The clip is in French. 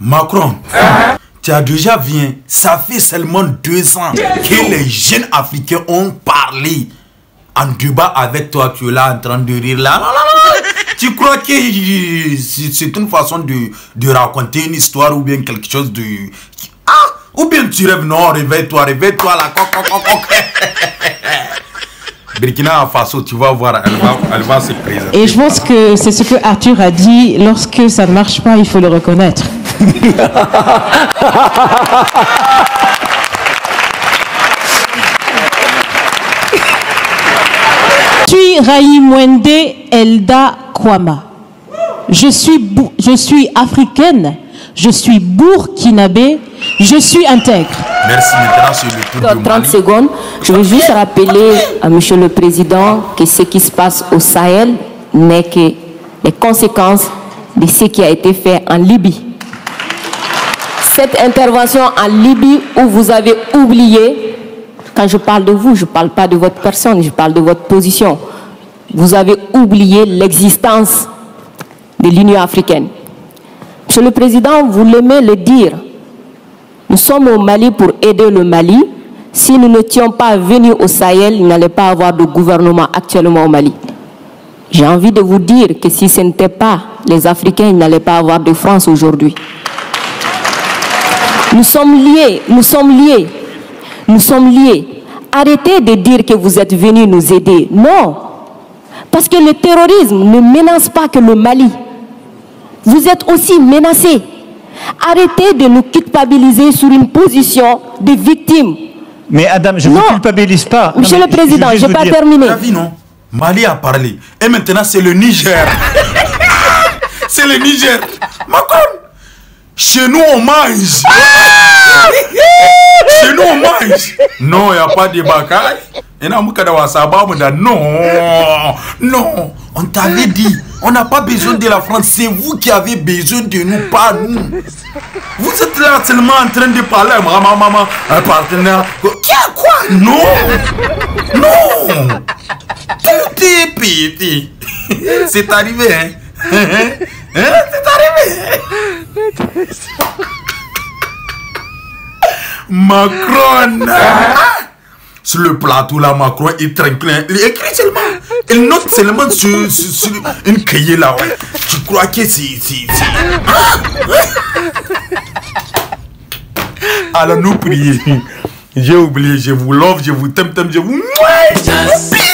Macron, tu as déjà vu, hein, ça fait seulement deux ans que les jeunes Africains ont parlé en débat avec toi. Tu es là en train de rire là. Tu crois que c'est une façon de, raconter une histoire ou bien quelque chose de... Ah Ou bien tu rêves, non, réveille-toi, réveille-toi là. Burkina Faso, tu vas voir, elle va se présenter. Et je pense que c'est ce que Arthur a dit, lorsque ça ne marche pas, il faut le reconnaître suis Elda Kwama. Je suis, je suis africaine, je suis burkinabé, je suis intègre. Merci. 30 secondes. Je veux juste rappeler à Monsieur le Président que ce qui se passe au Sahel n'est que les conséquences de ce qui a été fait en Libye cette intervention en Libye où vous avez oublié, quand je parle de vous, je ne parle pas de votre personne, je parle de votre position, vous avez oublié l'existence de l'Union africaine. Monsieur le Président, vous l'aimez le dire, nous sommes au Mali pour aider le Mali. Si nous n'étions pas venus au Sahel, il n'allait pas avoir de gouvernement actuellement au Mali. J'ai envie de vous dire que si ce n'était pas les Africains, il n'allait pas avoir de France aujourd'hui. Nous sommes liés, nous sommes liés, nous sommes liés. Arrêtez de dire que vous êtes venus nous aider. Non, parce que le terrorisme ne menace pas que le Mali. Vous êtes aussi menacés. Arrêtez de nous culpabiliser sur une position de victime. Mais Adam, je ne vous culpabilise pas. Monsieur le Président, je n'ai pas terminé. non Mali a parlé. Et maintenant, c'est le Niger. c'est le Niger. Macron chez nous, on mange. Ah! Chez nous, on mange. Non, il n'y a pas de bakay. Et non, non, non, on t'avait dit, on n'a pas besoin de la France, c'est vous qui avez besoin de nous, pas nous. Vous êtes là seulement en train de parler à maman, maman, un partenaire. Qui a quoi Non Non Tout est pété. C'est arrivé, hein? hein? hein? Macron Sur le plateau là, Macron est tranquille. Il écrit seulement. Il note seulement sur, une cahier là, ouais. Tu crois que c'est. Alors nous prions. J'ai oublié, je vous love, je vous t'aime, Je vous